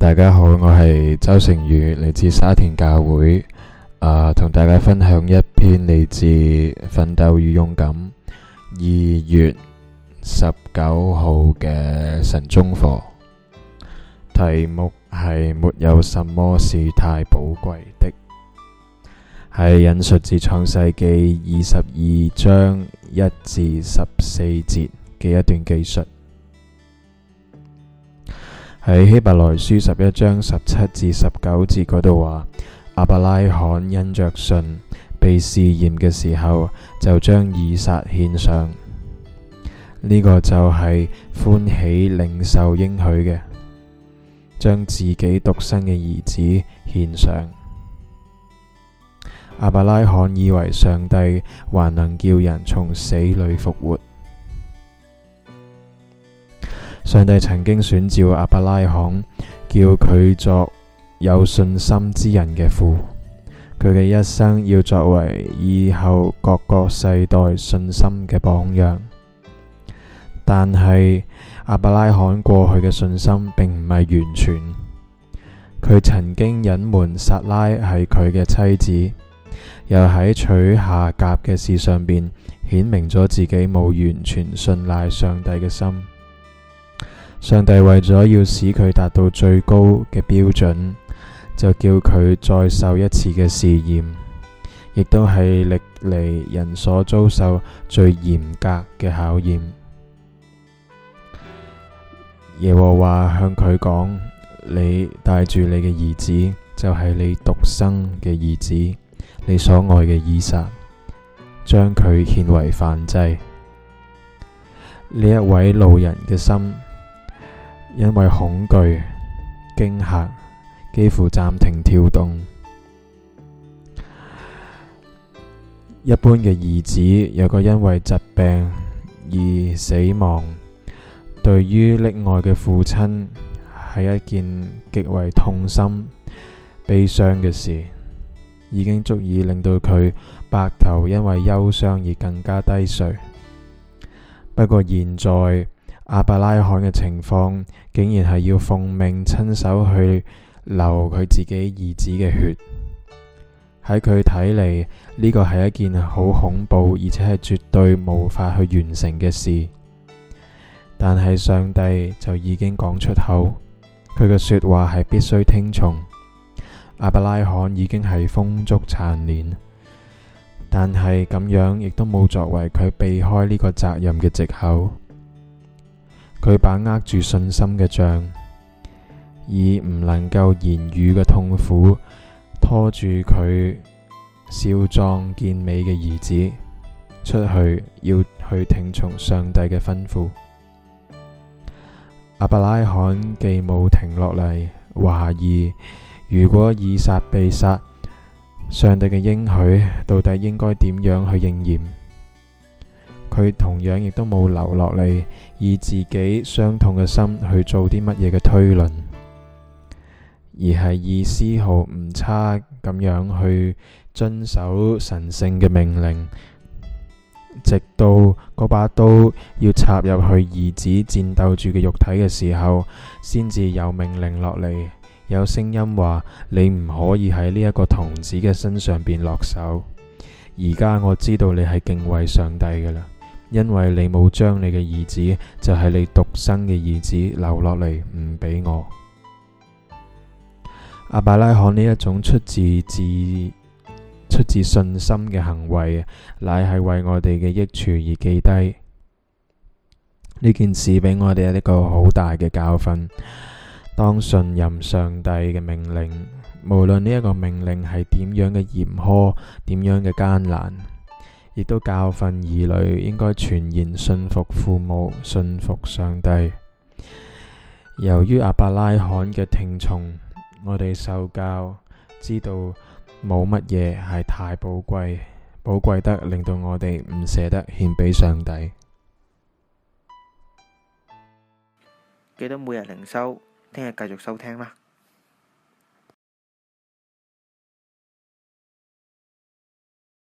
大家好，我係周成宇，嚟自沙田教會，同、呃、大家分享一篇嚟自《奮鬥與勇敢》二月十九號嘅神中課，題目係沒有什麼是太寶貴的，係引述自《創世紀》二十二章一至十四節嘅一段記述。喺希伯來書十一章十七至十九節嗰度話，阿伯拉罕因着信被試驗嘅時候，就將以撒獻上。呢、這個就係歡喜領受應許嘅，將自己獨生嘅兒子獻上。阿伯拉罕以為上帝還能叫人從死裏復活。上帝曾經選召亞伯拉罕，叫佢作有信心之人嘅父。佢嘅一生要作為以後各個世代信心嘅榜樣。但係亞伯拉罕過去嘅信心並唔係完全，佢曾經隱瞞撒拉係佢嘅妻子，又喺娶夏甲嘅事上邊顯明咗自己冇完全信賴上帝嘅心。上帝為咗要使佢達到最高嘅標準，就叫佢再受一次嘅試驗，亦都係歷來人所遭受最嚴格嘅考驗。耶和華向佢講：你帶住你嘅兒子，就係你獨生嘅兒子，你所愛嘅以撒，將佢獻為燔祭。呢一位老人嘅心，因為恐懼驚吓，幾乎暫停跳動。一般嘅兒子有個因為疾病而死亡，對於溺愛嘅父親係一件極為痛心、悲傷嘅事，已經足以令到佢白頭，因為憂傷而更加低垂。不過現在。亞伯拉罕嘅情況竟然係要奉命親手去流佢自己兒子嘅血，喺佢睇嚟，呢個係一件好恐怖，而且係絕對無法去完成嘅事。但係上帝就已經講出口，佢嘅說話係必須聽從。亞伯拉罕已經係風燭殘年，但係咁樣亦都冇作為佢避開呢個責任嘅借口。佢把握住信心嘅杖，以唔能夠言語嘅痛苦拖住佢少壯健美嘅兒子出去，要去聽從上帝嘅吩咐。亞伯拉罕既冇停落嚟懷疑，如果以撒被殺，上帝嘅應許到底應該點樣去應驗？佢同樣亦都冇留落嚟，以自己傷痛嘅心去做啲乜嘢嘅推論，而係以絲毫唔差咁樣去遵守神聖嘅命令，直到嗰把刀要插入去兒子戰鬥住嘅肉體嘅時候，先至有命令落嚟，有聲音話：你唔可以喺呢一個童子嘅身上邊落手。而家我知道你係敬畏上帝㗎喇。因為你冇將你嘅兒子，就係、是、你獨生嘅兒子留落嚟，唔俾我。阿伯拉罕呢一種出自自出自信心嘅行為，乃係為我哋嘅益處而記低呢件事，俾我哋一個好大嘅教訓。當信任上帝嘅命令，無論呢一個命令係點樣嘅嚴苛，點樣嘅艱難。亦都教訓兒女應該全然信服父母，信服上帝。由於亞伯拉罕嘅聽從，我哋受教知道冇乜嘢係太寶貴，寶貴得令到我哋唔捨得獻畀上帝。記得每日靈修，聽日繼續收聽啦。